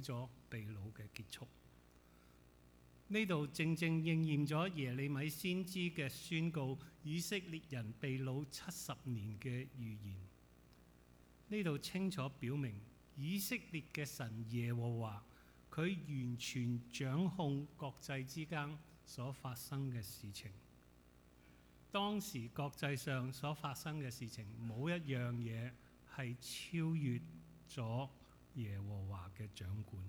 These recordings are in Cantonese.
咗被擄嘅結束，呢度正正應驗咗耶利米先知嘅宣告，以色列人被擄七十年嘅預言。呢度清楚表明，以色列嘅神耶和華，佢完全掌控國際之間所發生嘅事情。當時國際上所發生嘅事情，冇一樣嘢係超越咗。耶和華嘅掌管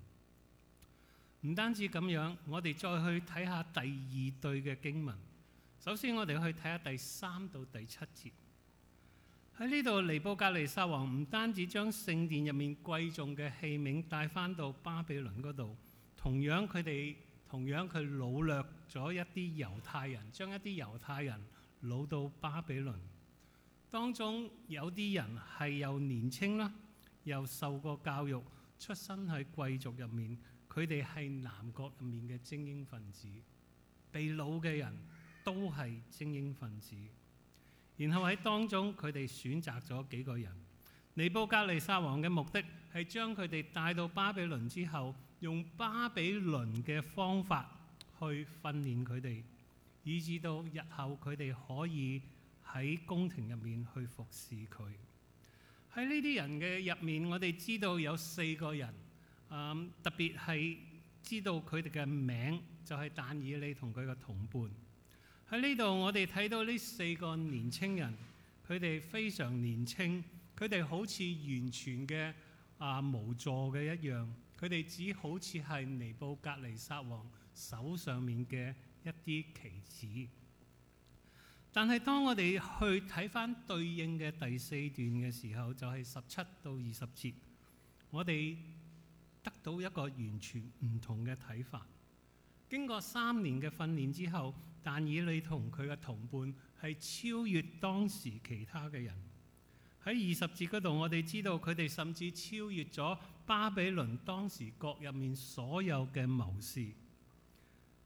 唔單止咁樣，我哋再去睇下第二對嘅經文。首先，我哋去睇下第三到第七節。喺呢度，尼布甲尼撒王唔單止將聖殿入面貴重嘅器皿帶翻到巴比倫嗰度，同樣佢哋，同樣佢擄掠咗一啲猶太人，將一啲猶太人擄到巴比倫。當中有啲人係又年青啦。又受過教育，出身喺貴族入面，佢哋係南國入面嘅精英分子。被擄嘅人都係精英分子。然後喺當中佢哋選擇咗幾個人，尼布加利沙王嘅目的係將佢哋帶到巴比倫之後，用巴比倫嘅方法去訓練佢哋，以至到日後佢哋可以喺宮廷入面去服侍佢。喺呢啲人嘅入面，我哋知道有四個人，嗯、特別係知道佢哋嘅名，就係、是、但以理同佢嘅同伴。喺呢度，我哋睇到呢四個年青人，佢哋非常年輕，佢哋好似完全嘅、啊、無助嘅一樣，佢哋只好似係尼布甲尼撒王手上面嘅一啲棋子。但係，當我哋去睇返對應嘅第四段嘅時候，就係十七到二十節，我哋得到一個完全唔同嘅睇法。經過三年嘅訓練之後，但以理同佢嘅同伴係超越當時其他嘅人。喺二十節嗰度，我哋知道佢哋甚至超越咗巴比倫當時國入面所有嘅謀士。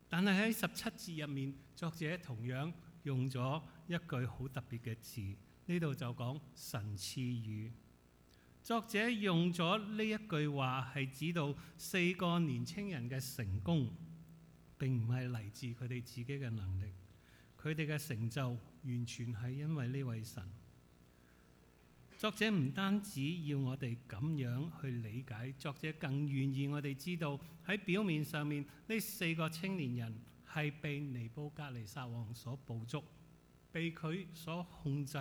但係喺十七節入面，作者同樣，用咗一句好特別嘅字，呢度就講神賜予。作者用咗呢一句話係指到四個年青人，嘅成功並唔係嚟自佢哋自己嘅能力，佢哋嘅成就完全係因為呢位神。作者唔單止要我哋咁樣去理解，作者更願意我哋知道喺表面上面呢四個青年人。係被尼布格尼撒王所捕捉，被佢所控制，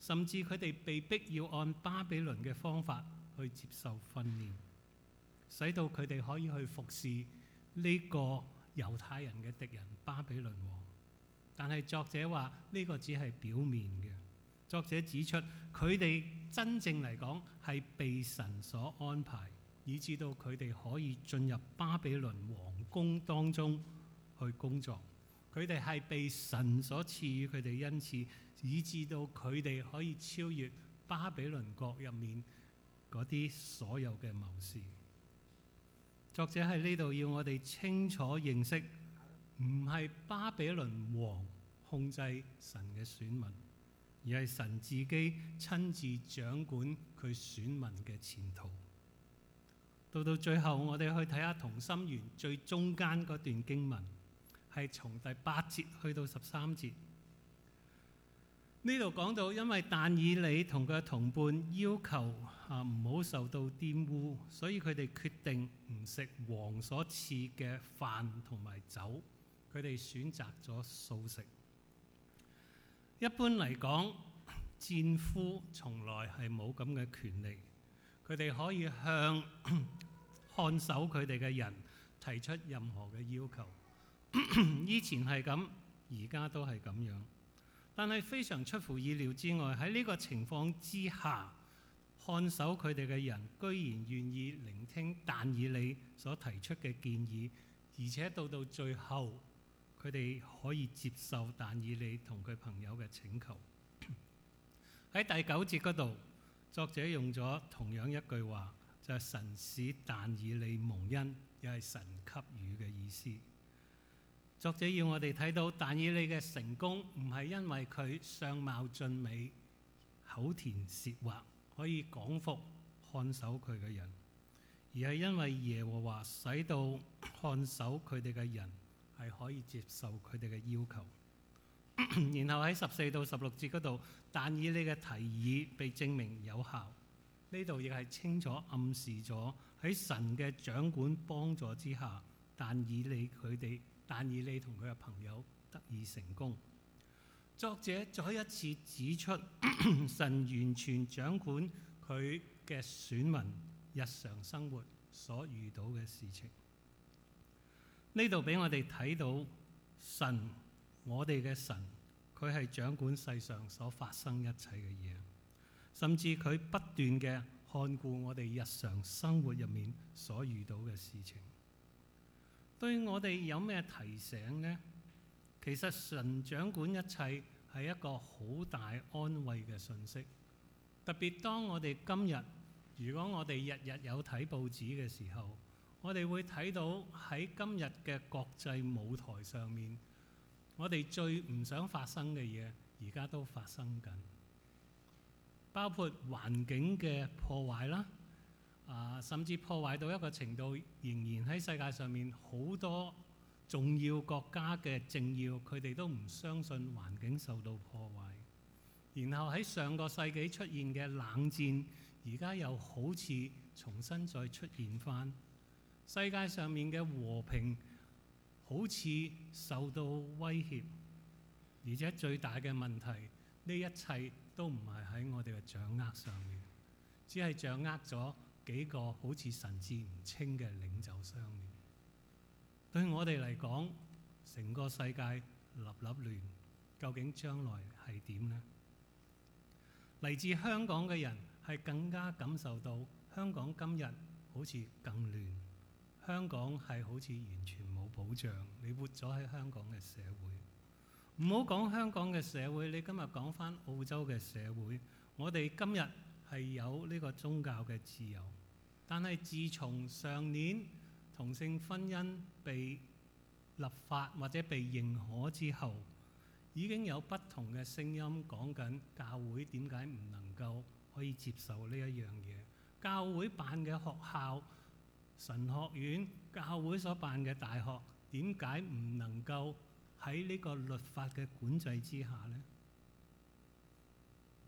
甚至佢哋被迫要按巴比倫嘅方法去接受訓練，使到佢哋可以去服侍呢個猶太人嘅敵人巴比倫王。但係作者話呢個只係表面嘅，作者指出佢哋真正嚟講係被神所安排，以至到佢哋可以進入巴比倫王宮當中。去工作，佢哋係被神所賜予佢哋，因此以致到佢哋可以超越巴比倫國入面嗰啲所有嘅謀士。作者喺呢度要我哋清楚認識，唔係巴比倫王控制神嘅選民，而係神自己親自掌管佢選民嘅前途。到到最後，我哋去睇下同心圓最中間嗰段經文。係從第八節去到十三節。呢度講到，因為但以理同佢同伴要求啊唔好受到玷污，所以佢哋決定唔食王所賜嘅飯同埋酒。佢哋選擇咗素食。一般嚟講，戰俘從來係冇咁嘅權利。佢哋可以向 看守佢哋嘅人提出任何嘅要求。以前係咁，而家都係咁樣。但係非常出乎意料之外，喺呢個情況之下，看守佢哋嘅人居然願意聆聽但以理所提出嘅建議，而且到到最後，佢哋可以接受但以理同佢朋友嘅請求。喺第九節嗰度，作者用咗同樣一句話，就係神使但以理蒙恩，又係神給予嘅意思。作者要我哋睇到，但以利嘅成功唔係因為佢相貌俊美、口甜舌滑，可以講服看守佢嘅人，而係因為耶和華使到看守佢哋嘅人係可以接受佢哋嘅要求。 然後喺十四到十六節嗰度，但以利嘅提議被證明有效，呢度亦係清楚暗示咗喺神嘅掌管幫助之下，但以利佢哋。但以理同佢嘅朋友得以成功。作者再一次指出， 神完全掌管佢嘅選民日常生活所遇到嘅事情。呢度俾我哋睇到神，我哋嘅神，佢係掌管世上所發生一切嘅嘢，甚至佢不斷嘅看顧我哋日常生活入面所遇到嘅事情。對我哋有咩提醒呢？其實神掌管一切係一個好大安慰嘅信息，特別當我哋今日如果我哋日日有睇報紙嘅時候，我哋會睇到喺今日嘅國際舞台上面，我哋最唔想發生嘅嘢，而家都發生緊，包括環境嘅破壞啦。啊！甚至破壞到一個程度，仍然喺世界上面好多重要國家嘅政要，佢哋都唔相信環境受到破壞。然後喺上個世紀出現嘅冷戰，而家又好似重新再出現返。世界上面嘅和平好似受到威脅，而且最大嘅問題，呢一切都唔係喺我哋嘅掌握上面，只係掌握咗幾個好似神志唔清嘅領袖上面，對我哋嚟講，成個世界立立亂，究竟將來係點呢？嚟自香港嘅人係更加感受到香港今日好似更亂，香港係好似完全冇保障。你活咗喺香港嘅社會，唔好講香港嘅社會，你今日講返澳洲嘅社會，我哋今日。係有呢個宗教嘅自由，但係自從上年同性婚姻被立法或者被認可之後，已經有不同嘅聲音講緊教會點解唔能夠可以接受呢一樣嘢？教會辦嘅學校、神學院、教會所辦嘅大學，點解唔能夠喺呢個律法嘅管制之下呢？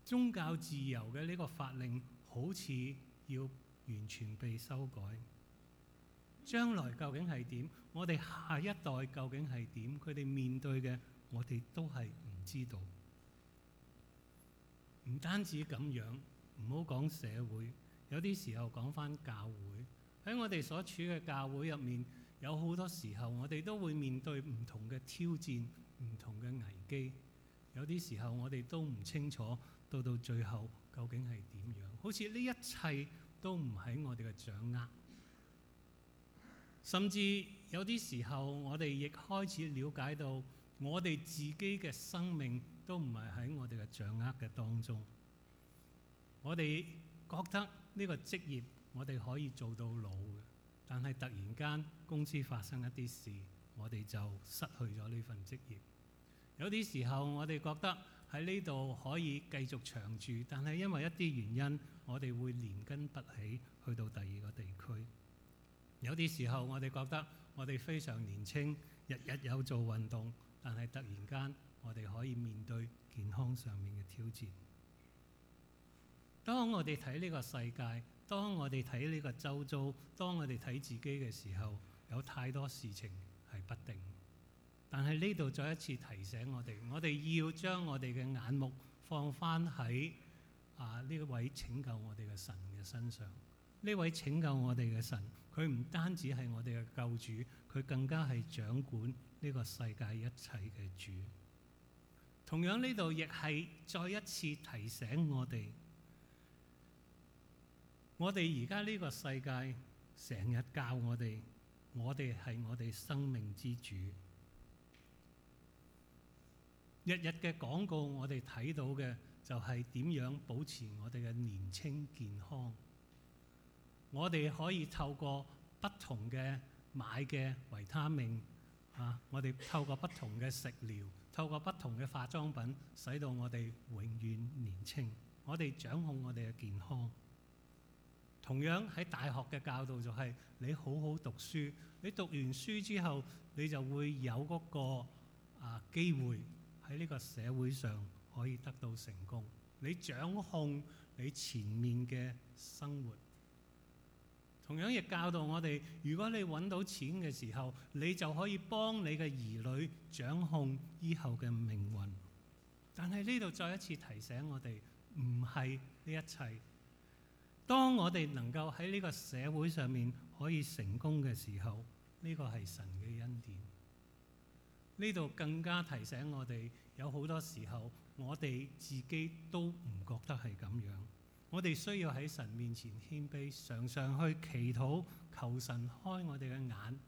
宗教自由嘅呢個法令好似要完全被修改。將來究竟係點，我哋下一代究竟係點，佢哋面對嘅，我哋都係唔知道。唔單止咁樣，唔好講社會，有啲時候講翻教會，喺我哋所處嘅教會入面，有好多時候我哋都會面對唔同嘅挑戰，唔同嘅危機，有啲時候我哋都唔清楚。到到最後，究竟係點樣？好似呢一切都唔喺我哋嘅掌握，甚至有啲時候，我哋亦開始了解到，我哋自己嘅生命都唔係喺我哋嘅掌握嘅當中。我哋覺得呢個職業，我哋可以做到老，但係突然間公司發生一啲事，我哋就失去咗呢份職業。有啲時候，我哋覺得喺呢度可以繼續長住，但係因為一啲原因，我哋會連根拔起，去到第二個地區。有啲時候，我哋覺得我哋非常年輕，日日有做運動，但係突然間，我哋可以面對健康上面嘅挑戰。當我哋睇呢個世界，當我哋睇呢個周遭，當我哋睇自己嘅時候，有太多事情係不定。但係呢度再一次提醒我哋，我哋要將我哋嘅眼目放翻喺啊呢位拯救我哋嘅神嘅身上。呢位拯救我哋嘅神，佢唔單止係我哋嘅救主，佢更加係掌管呢個世界一切嘅主。同樣呢度亦係再一次提醒我哋，我哋而家呢個世界成日教我哋，我哋係我哋生命之主。日日嘅廣告，我哋睇到嘅就係點樣保持我哋嘅年青健康。我哋可以透過不同嘅買嘅維他命啊，我哋透過不同嘅食療，透過不同嘅化妝品，使到我哋永遠年青。我哋掌控我哋嘅健康。同樣喺大學嘅教導就係你好好讀書，你讀完書之後，你就會有嗰個啊機會。喺呢個社會上可以得到成功，你掌控你前面嘅生活，同樣亦教導我哋：如果你揾到錢嘅時候，你就可以幫你嘅兒女掌控以後嘅命運。但係呢度再一次提醒我哋，唔係呢一切。當我哋能夠喺呢個社會上面可以成功嘅時候，呢個係神嘅恩典。呢度更加提醒我哋，有好多時候我哋自己都唔覺得係咁樣。我哋需要喺神面前謙卑，常常去祈禱求神開我哋嘅眼，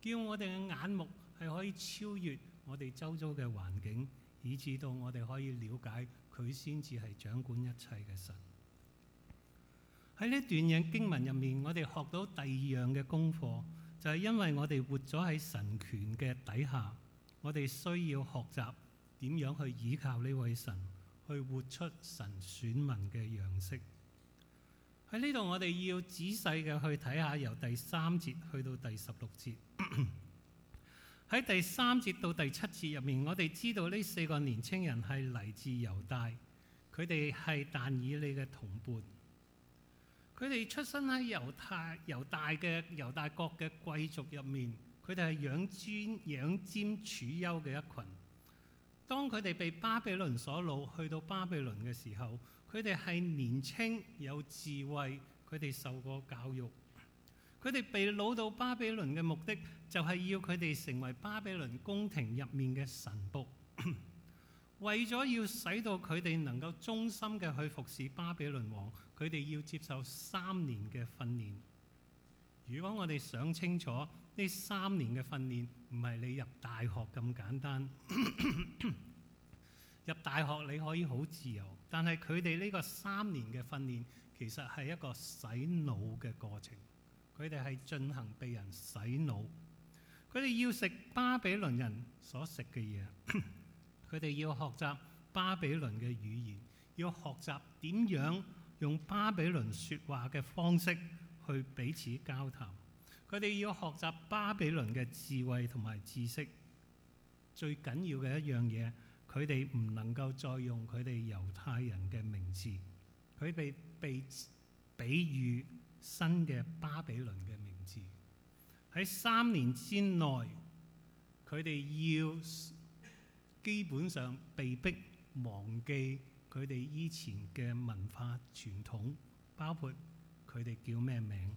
叫我哋嘅眼目係可以超越我哋周遭嘅環境，以至到我哋可以了解佢先至係掌管一切嘅神。喺呢一段經文入面，我哋學到第二樣嘅功課，就係因為我哋活咗喺神權嘅底下。我哋需要學習點樣去依靠呢位神，去活出神選民嘅樣式。喺呢度，我哋要仔細嘅去睇下，由第三節去到第十六節。喺 第三節到第七節入面，我哋知道呢四個年青人係嚟自猶大，佢哋係但以理嘅同伴，佢哋出生喺猶太猶大嘅猶大國嘅貴族入面。佢哋係養尊養尊處優嘅一群。當佢哋被巴比倫所擄去到巴比倫嘅時候，佢哋係年青有智慧，佢哋受過教育。佢哋被擄到巴比倫嘅目的，就係、是、要佢哋成為巴比倫宮廷入面嘅神僕。 為咗要使到佢哋能夠忠心嘅去服侍巴比倫王。佢哋要接受三年嘅訓練。如果我哋想清楚呢三年嘅訓練唔係你入大學咁簡單， 入大學你可以好自由，但係佢哋呢個三年嘅訓練其實係一個洗腦嘅過程，佢哋係進行被人洗腦，佢哋要食巴比倫人所食嘅嘢，佢哋 要學習巴比倫嘅語言，要學習點樣用巴比倫說話嘅方式。去彼此交談，佢哋要學習巴比倫嘅智慧同埋知識。最緊要嘅一樣嘢，佢哋唔能夠再用佢哋猶太人嘅名字，佢哋被比喻新嘅巴比倫嘅名字。喺三年之內，佢哋要基本上被逼忘記佢哋以前嘅文化傳統，包括。佢哋叫咩名？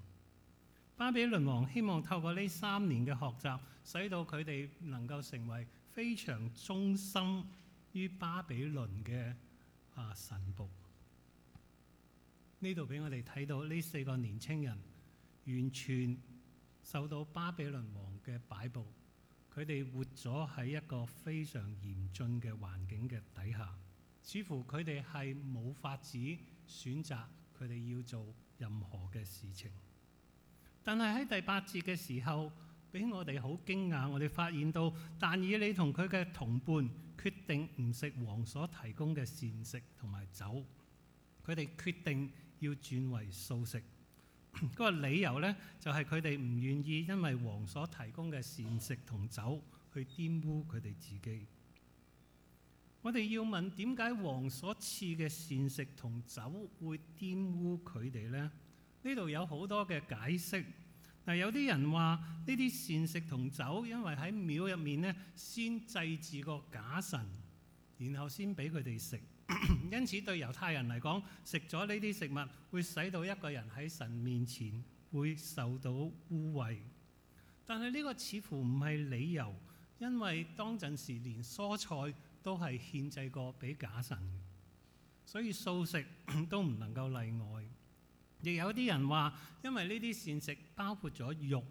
巴比倫王希望透過呢三年嘅學習，使到佢哋能夠成為非常忠心於巴比倫嘅啊神僕。呢度俾我哋睇到呢四個年青人完全受到巴比倫王嘅擺佈，佢哋活咗喺一個非常嚴峻嘅環境嘅底下，似乎佢哋係冇法子選擇佢哋要做。任何嘅事情，但係喺第八節嘅時候，俾我哋好驚訝，我哋發現到，但以理同佢嘅同伴決定唔食王所提供嘅膳食同埋酒，佢哋決定要轉為素食。嗰、 那個理由呢，就係佢哋唔願意因為王所提供嘅膳食同酒去玷污佢哋自己。我哋要問點解王所賜嘅膳食同酒會玷污佢哋呢？呢度有好多嘅解釋。嗱，有啲人話呢啲膳食同酒，因為喺廟入面咧先祭祀個假神，然後先俾佢哋食。因此對猶太人嚟講，食咗呢啲食物會使到一個人喺神面前會受到污穢。但係呢個似乎唔係理由，因為當陣時連蔬菜都係獻祭過俾假神，所以素食都唔能夠例外。亦有啲人話，因為呢啲膳食包括咗肉，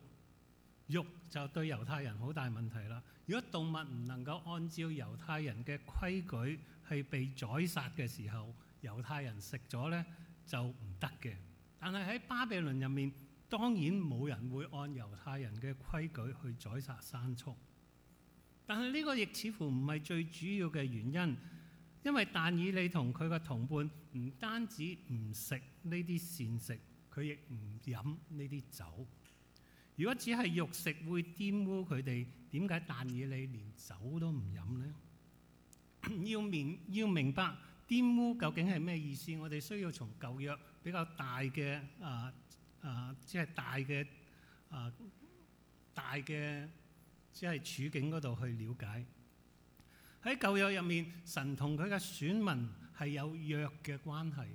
肉就對猶太人好大問題啦。如果動物唔能夠按照猶太人嘅規矩係被宰殺嘅時候，猶太人食咗呢就唔得嘅。但係喺巴比倫入面，當然冇人會按猶太人嘅規矩去宰殺牲畜。但係呢個亦似乎唔係最主要嘅原因，因為但以理同佢嘅同伴唔單止唔食呢啲膳食，佢亦唔飲呢啲酒。如果只係肉食會玷污佢哋，點解但以理連酒都唔飲呢？ 要明要明白玷污究竟係咩意思？我哋需要從舊約比較大嘅啊啊，即、呃、係、呃就是、大嘅啊、呃、大嘅。只係處境嗰度去了解，喺舊約入面，神同佢嘅選民係有約嘅關係。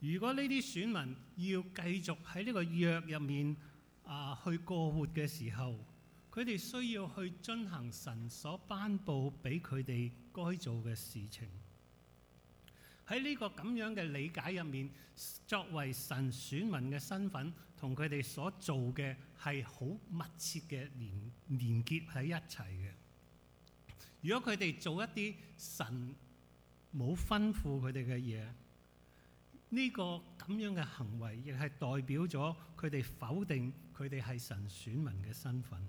如果呢啲選民要繼續喺呢個約入面啊去過活嘅時候，佢哋需要去遵行神所頒布俾佢哋該做嘅事情。喺呢個咁樣嘅理解入面，作為神選民嘅身份，同佢哋所做嘅係好密切嘅連連結喺一齊嘅。如果佢哋做一啲神冇吩咐佢哋嘅嘢，呢、呢個咁樣嘅行為亦係代表咗佢哋否定佢哋係神選民嘅身份，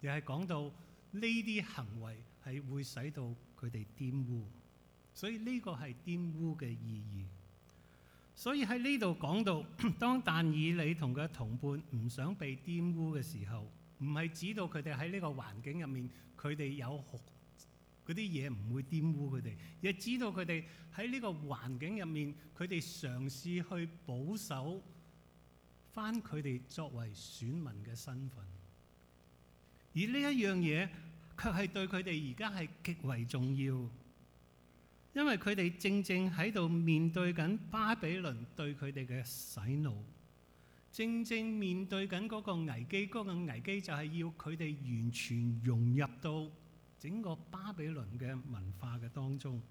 又係講到呢啲行為係會使到佢哋玷污，所以呢個係玷污嘅意義。所以喺呢度講到，當但以理同佢同伴唔想被玷污嘅時候，唔係指到佢哋喺呢個環境入面，佢哋有嗰啲嘢唔會玷污佢哋，而係指到佢哋喺呢個環境入面，佢哋嘗試去保守翻佢哋作為選民嘅身份。而呢一樣嘢，卻係對佢哋而家係極為重要。因為佢哋正正喺度面對緊巴比倫對佢哋嘅洗腦，正正面對緊嗰個危機，嗰個危機就係要佢哋完全融入到整個巴比倫嘅文化嘅當中。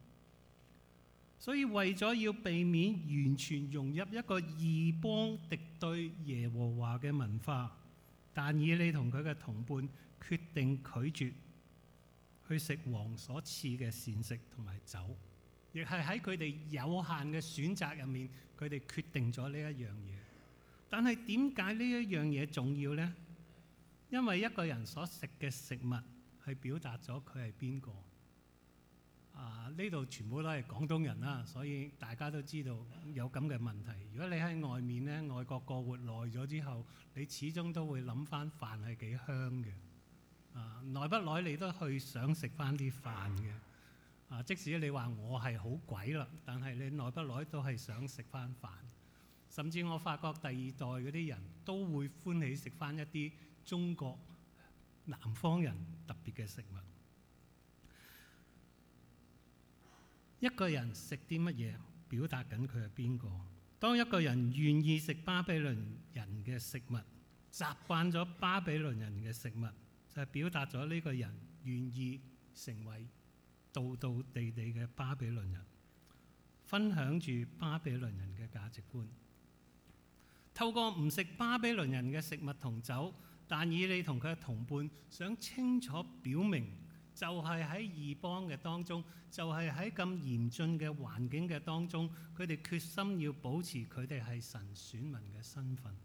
所以為咗要避免完全融入一個異邦敵對耶和華嘅文化，但以理同佢嘅同伴決定拒絕去食王所賜嘅膳食同埋酒。亦係喺佢哋有限嘅選擇入面，佢哋決定咗呢一樣嘢。但係點解呢一樣嘢重要呢？因為一個人所食嘅食物係表達咗佢係邊個。啊，呢度全部都係廣東人啦，啊，所以大家都知道有咁嘅問題。如果你喺外面呢，外國過活耐咗之後，你始終都會諗翻飯係幾香嘅。啊，耐不耐你都去想食翻啲飯嘅。即使你話我係好鬼啦，但係你耐不耐都係想食翻飯。甚至我發覺第二代嗰啲人都會歡喜食翻一啲中國南方人特別嘅食物。一個人食啲乜嘢，表達緊佢係邊個？當一個人願意食巴比倫人嘅食物，習慣咗巴比倫人嘅食物，就係表達咗呢個人願意成為。道道地地嘅巴比倫人，分享住巴比倫人嘅價值觀，透過唔食巴比倫人嘅食物同酒，但以理同佢嘅同伴，想清楚表明，就係喺異邦嘅當中，就係喺咁嚴峻嘅環境嘅當中，佢哋決心要保持佢哋係神選民嘅身份。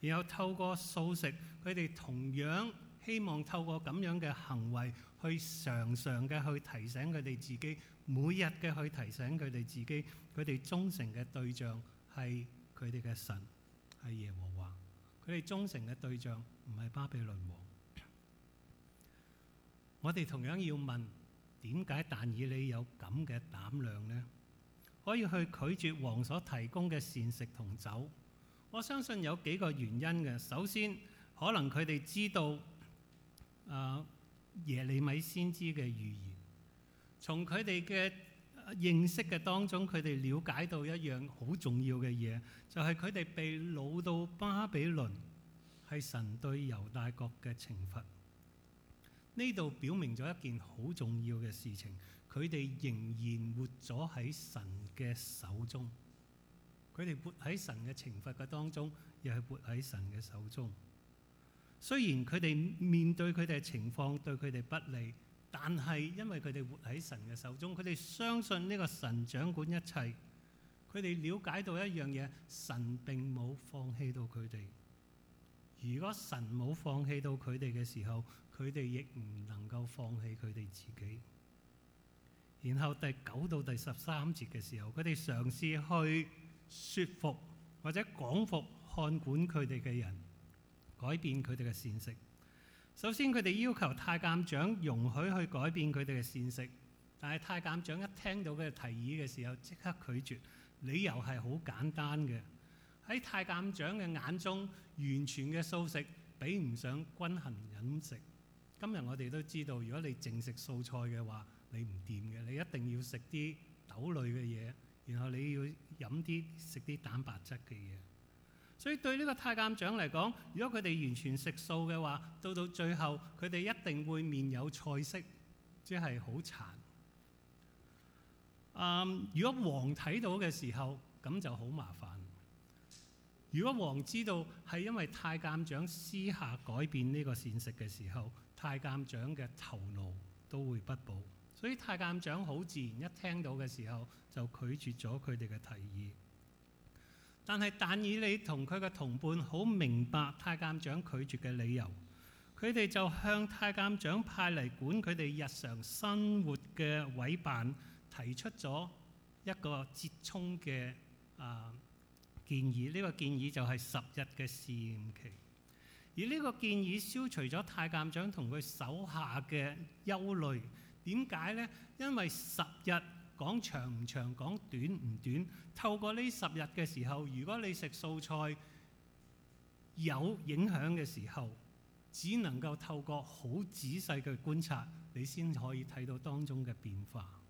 然後透過素食，佢哋同樣。希望透過咁樣嘅行為，去常常嘅去提醒佢哋自己，每日嘅去提醒佢哋自己，佢哋忠誠嘅對象係佢哋嘅神，係耶和華，佢哋忠誠嘅對象唔係巴比倫王。我哋同樣要問，點解但以理有咁嘅膽量呢？可以去拒絕王所提供嘅膳食同酒？我相信有幾個原因嘅。首先，可能佢哋知道。誒、uh, 耶利米先知嘅預言，從佢哋嘅認識嘅當中，佢哋了解到一樣好重要嘅嘢，就係佢哋被擄到巴比倫，係神對猶大國嘅懲罰。呢度表明咗一件好重要嘅事情，佢哋仍然活咗喺神嘅手中，佢哋活喺神嘅懲罰嘅當中，又係活喺神嘅手中。雖然佢哋面對佢哋嘅情況對佢哋不利，但係因為佢哋活喺神嘅手中，佢哋相信呢個神掌管一切。佢哋了解到一樣嘢，神並冇放棄到佢哋。如果神冇放棄到佢哋嘅時候，佢哋亦唔能夠放棄佢哋自己。然後第九到第十三節嘅時候，佢哋嘗試去説服或者講服看管佢哋嘅人。改變佢哋嘅膳食。首先，佢哋要求太監長容許去改變佢哋嘅膳食，但係太監長一聽到佢哋嘅提議嘅時候，即刻拒絕。理由係好簡單嘅，喺太監長嘅眼中，完全嘅素食比唔上均衡飲食。今日我哋都知道，如果你淨食素菜嘅話，你唔掂嘅。你一定要食啲豆類嘅嘢，然後你要飲啲食啲蛋白質嘅嘢。所以對呢個太監長嚟講，如果佢哋完全食素嘅話，到到最後佢哋一定會面有菜色，即係好慘。Um, 如果王睇到嘅時候，咁就好麻煩。如果王知道係因為太監長私下改變呢個膳食嘅時候，太監長嘅頭腦都會不保。所以太監長好自然一聽到嘅時候，就拒絕咗佢哋嘅提議。但係，但以你同佢嘅同伴好明白太監長拒絕嘅理由，佢哋就向太監長派嚟管佢哋日常生活嘅委辦提出咗一個折衷嘅、呃、建議。呢、這個建議就係十日嘅試驗期，而呢個建議消除咗太監長同佢手下嘅憂慮。點解呢？因為十日。講長唔長，講短唔短。透過呢十日嘅時候，如果你食素菜有影響嘅時候，只能夠透過好仔細嘅觀察，你先可以睇到當中嘅變化。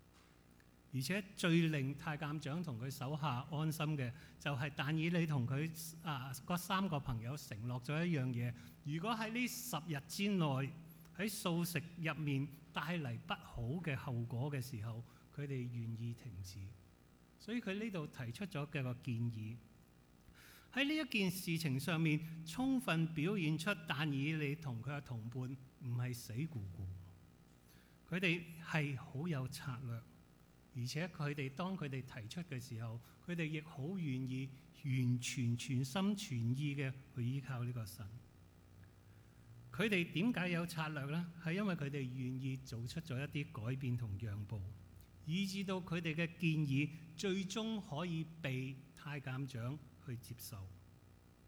而且最令太監長同佢手下安心嘅，就係、是、但以理同佢啊嗰三個朋友承諾咗一樣嘢：如果喺呢十日之內喺素食入面帶嚟不好嘅後果嘅時候，佢哋願意停止，所以佢呢度提出咗嘅個建議，喺呢一件事情上面，充分表現出但以理同佢嘅同伴唔係死咕咕，佢哋係好有策略，而且佢哋當佢哋提出嘅時候，佢哋亦好願意完全全心全意嘅去依靠呢個神。佢哋點解有策略呢？係因為佢哋願意做出咗一啲改變同讓步。以至到佢哋嘅建議最終可以被太監長去接受。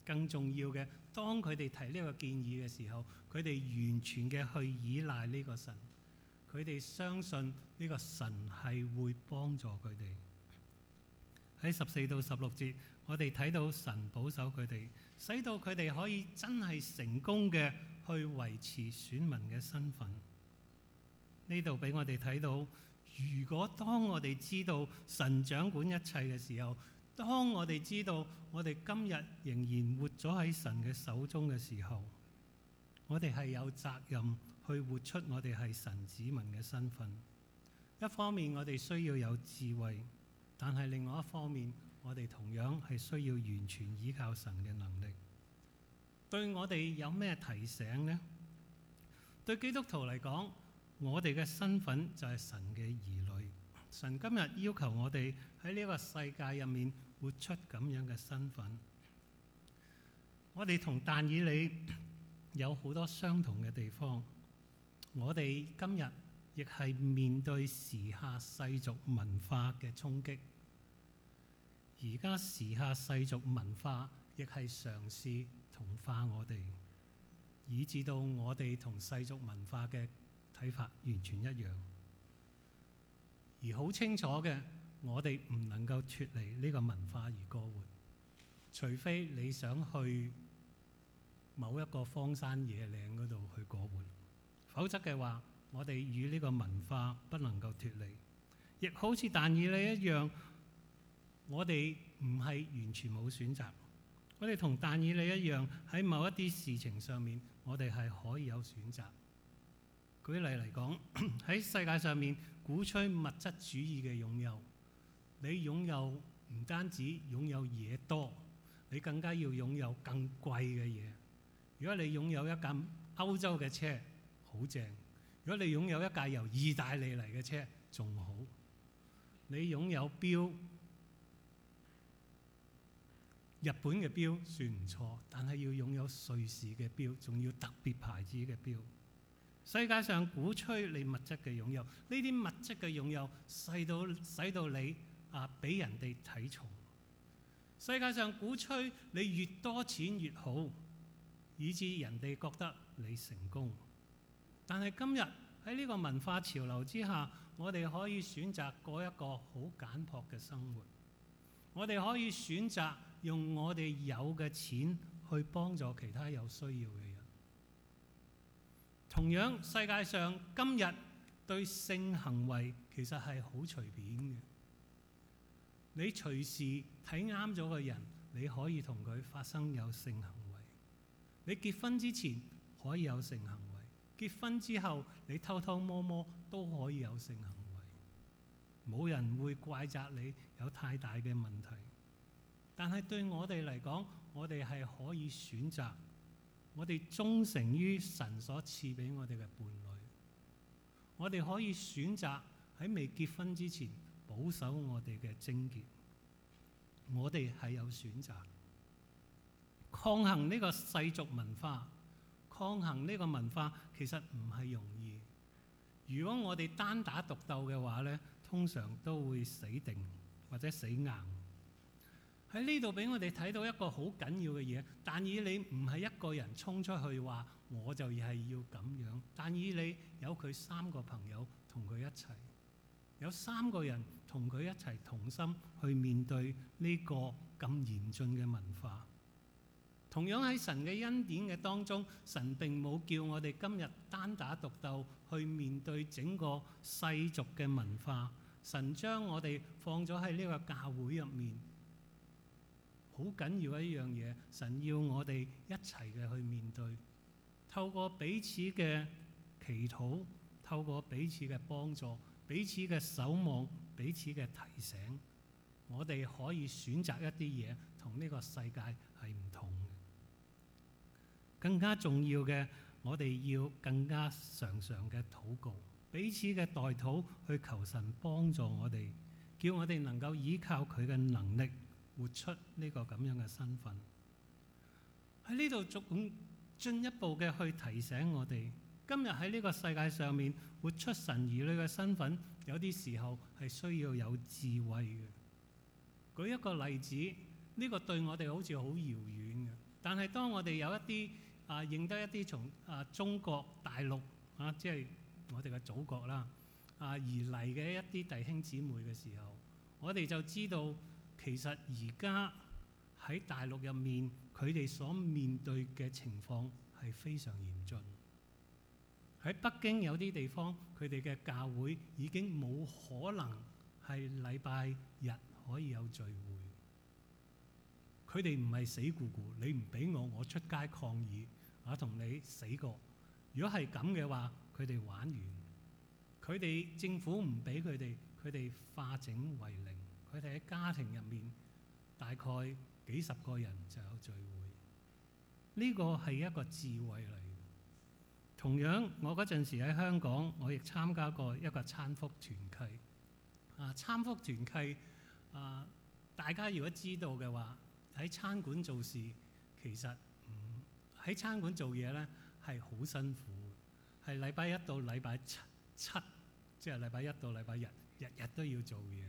更重要嘅，當佢哋提呢個建議嘅時候，佢哋完全嘅去依賴呢個神，佢哋相信呢個神係會幫助佢哋。喺十四到十六節，我哋睇到神保守佢哋，使到佢哋可以真係成功嘅去維持選民嘅身份。呢度俾我哋睇到。如果當我哋知道神掌管一切嘅時候，當我哋知道我哋今日仍然活咗喺神嘅手中嘅時候，我哋係有責任去活出我哋係神子民嘅身份。一方面我哋需要有智慧，但係另外一方面我哋同樣係需要完全依靠神嘅能力。對我哋有咩提醒呢？對基督徒嚟講。我哋嘅身份就係神嘅兒女，神今日要求我哋喺呢個世界入面活出咁樣嘅身份。我哋同但以理有好多相同嘅地方。我哋今日亦係面對時下世俗文化嘅衝擊。而家時下世俗文化亦係嘗試同化我哋，以至到我哋同世俗文化嘅。睇法完全一樣，而好清楚嘅，我哋唔能夠脱離呢個文化而過活，除非你想去某一個荒山野嶺嗰度去過活，否則嘅話，我哋與呢個文化不能夠脱離。亦好似但以理一樣，我哋唔係完全冇選擇。我哋同但以理一樣，喺某一啲事情上面，我哋係可以有選擇。舉例嚟講，喺世界上面鼓吹物質主義嘅擁有，你擁有唔單止擁有嘢多，你更加要擁有更貴嘅嘢。如果你擁有一架歐洲嘅車，好正；如果你擁有一架由意大利嚟嘅車，仲好。你擁有錶，日本嘅錶算唔錯，但係要擁有瑞士嘅錶，仲要特別牌子嘅錶。世界上鼓吹你物質嘅擁有，呢啲物質嘅擁有使到使到你啊俾人哋睇重。世界上鼓吹你越多錢越好，以致人哋覺得你成功。但係今日喺呢個文化潮流之下，我哋可以選擇過一個好簡樸嘅生活。我哋可以選擇用我哋有嘅錢去幫助其他有需要嘅。同樣，世界上今日對性行為其實係好隨便嘅。你隨時睇啱咗個人，你可以同佢發生有性行為。你結婚之前可以有性行為，結婚之後你偷偷摸摸都可以有性行為。冇人會怪責你有太大嘅問題。但係對我哋嚟講，我哋係可以選擇。我哋忠誠於神所賜俾我哋嘅伴侶。我哋可以選擇喺未結婚之前保守我哋嘅貞潔。我哋係有選擇抗衡呢個世俗文化，抗衡呢個文化其實唔係容易。如果我哋單打獨鬥嘅話咧，通常都會死定或者死硬。喺呢度俾我哋睇到一個好緊要嘅嘢，但以理唔係一個人衝出去話，我就係要咁樣。但以理有佢三個朋友同佢一齊，有三個人同佢一齊同心去面對呢個咁嚴峻嘅文化。同樣喺神嘅恩典嘅當中，神並冇叫我哋今日單打獨鬥去面對整個世俗嘅文化，神將我哋放咗喺呢個教會入面。好緊要一樣嘢，神要我哋一齊嘅去面對，透過彼此嘅祈禱，透過彼此嘅幫助，彼此嘅守望，彼此嘅提醒，我哋可以選擇一啲嘢同呢個世界係唔同嘅。更加重要嘅，我哋要更加常常嘅禱告，彼此嘅代禱，去求神幫助我哋，叫我哋能夠依靠佢嘅能力。活出呢個咁樣嘅身份，喺呢度逐漸進一步嘅去提醒我哋，今日喺呢個世界上面活出神兒女嘅身份，有啲時候係需要有智慧嘅。舉一個例子，呢個對我哋好似好遙遠嘅，但係當我哋有一啲啊認得一啲從啊中國大陸啊，即係我哋嘅祖國啦啊而嚟嘅一啲弟兄姊妹嘅時候，我哋就知道。其實而家喺大陸入面，佢哋所面對嘅情況係非常嚴峻。喺北京有啲地方，佢哋嘅教會已經冇可能係禮拜日可以有聚會。佢哋唔係死咕咕，你唔俾我，我出街抗議，我同你死過。如果係咁嘅話，佢哋玩完。佢哋政府唔俾佢哋，佢哋化整為零。佢哋喺家庭入面大概幾十個人就有聚會，呢、這個係一個智慧嚟。同樣，我嗰陣時喺香港，我亦參加過一個餐福團契。啊，餐福團契啊，大家如果知道嘅話，喺餐館做事其實喺、嗯、餐館做嘢咧係好辛苦，係禮拜一到禮拜七,七，即係禮拜一到禮拜日，日日都要做嘢。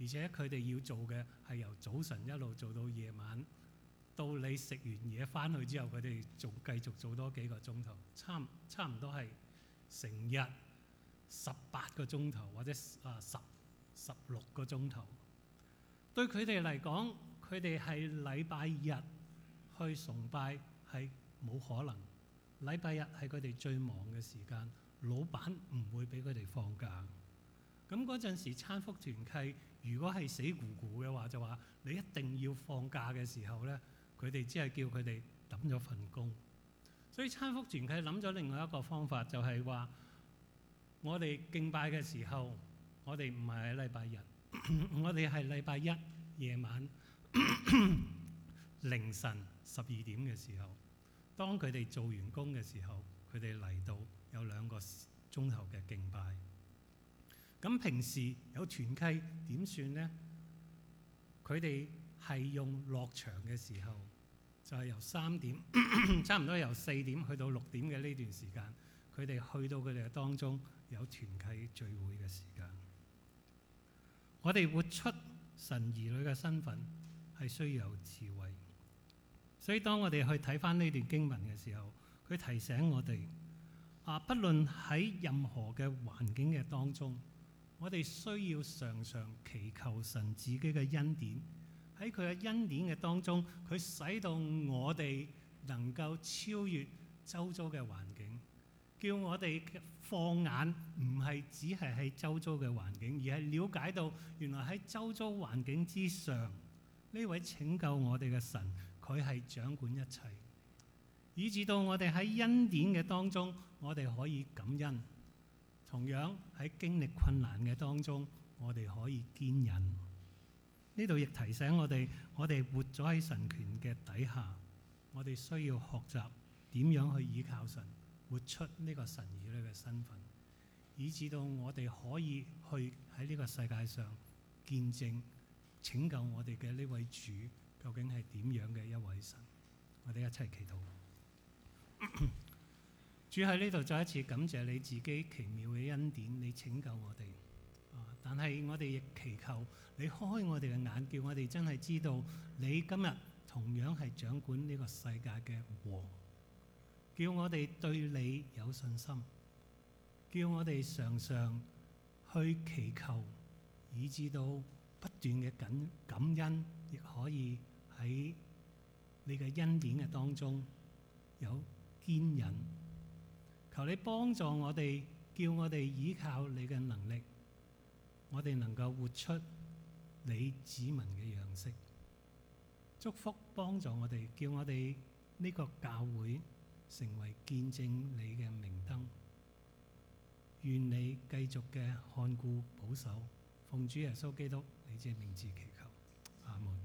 而且佢哋要做嘅係由早晨一路做到夜晚，到你食完嘢翻去之後，佢哋仲繼續做多幾個鐘頭，差差唔多係成日十八個鐘頭或者啊十十六個鐘頭。對佢哋嚟講，佢哋係禮拜日去崇拜，係冇可能。禮拜日係佢哋最忙嘅時間，老闆唔會俾佢哋放假。咁嗰陣時，餐福團契。如果係死咕咕嘅話，就話你一定要放假嘅時候呢，佢哋只係叫佢哋揼咗份工。所以餐福全，佢諗咗另外一個方法，就係、是、話我哋敬拜嘅時候，我哋唔係喺禮拜日， 我哋係禮拜一夜晚 凌晨十二點嘅時候，當佢哋做完工嘅時候，佢哋嚟到有兩個鐘頭嘅敬拜。咁平時有團契點算呢？佢哋係用落場嘅時候，就係、是、由三點 差唔多由四點去到六點嘅呢段時間，佢哋去到佢哋嘅當中有團契聚會嘅時間。我哋活出神兒女嘅身份係需要有智慧，所以當我哋去睇返呢段經文嘅時候，佢提醒我哋啊，不論喺任何嘅環境嘅當中。我哋需要常常祈求神自己嘅恩典，喺佢嘅恩典嘅當中，佢使到我哋能夠超越周遭嘅環境，叫我哋放眼唔係只係喺周遭嘅環境，而係了解到原來喺周遭環境之上，呢位拯救我哋嘅神，佢係掌管一切，以至到我哋喺恩典嘅當中，我哋可以感恩。同樣喺經歷困難嘅當中，我哋可以堅忍。呢度亦提醒我哋，我哋活咗喺神權嘅底下，我哋需要學習點樣去依靠神，活出呢個神與你嘅身份，以至到我哋可以去喺呢個世界上見證拯救我哋嘅呢位主，究竟係點樣嘅一位神。我哋一齊祈禱。 主喺呢度，再一次感謝你自己奇妙嘅恩典，你拯救我哋。但係我哋亦祈求你開我哋嘅眼，叫我哋真係知道你今日同樣係掌管呢個世界嘅王。叫我哋對你有信心，叫我哋常常去祈求，以至到不斷嘅感感恩，亦可以喺你嘅恩典嘅當中有堅忍。求你幫助我哋，叫我哋依靠你嘅能力，我哋能夠活出你子民嘅樣式。祝福幫助我哋，叫我哋呢個教會成為見證你嘅明燈。願你繼續嘅看顧保守，奉主耶穌基督，你嘅名字祈求，阿門。